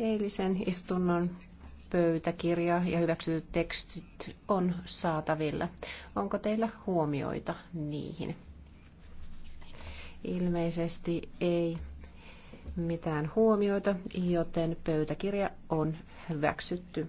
Eilisen istunnon pöytäkirja ja hyväksytyt tekstit on saatavilla. Onko teillä huomioita niihin? Ilmeisesti ei mitään huomioita, joten pöytäkirja on hyväksytty.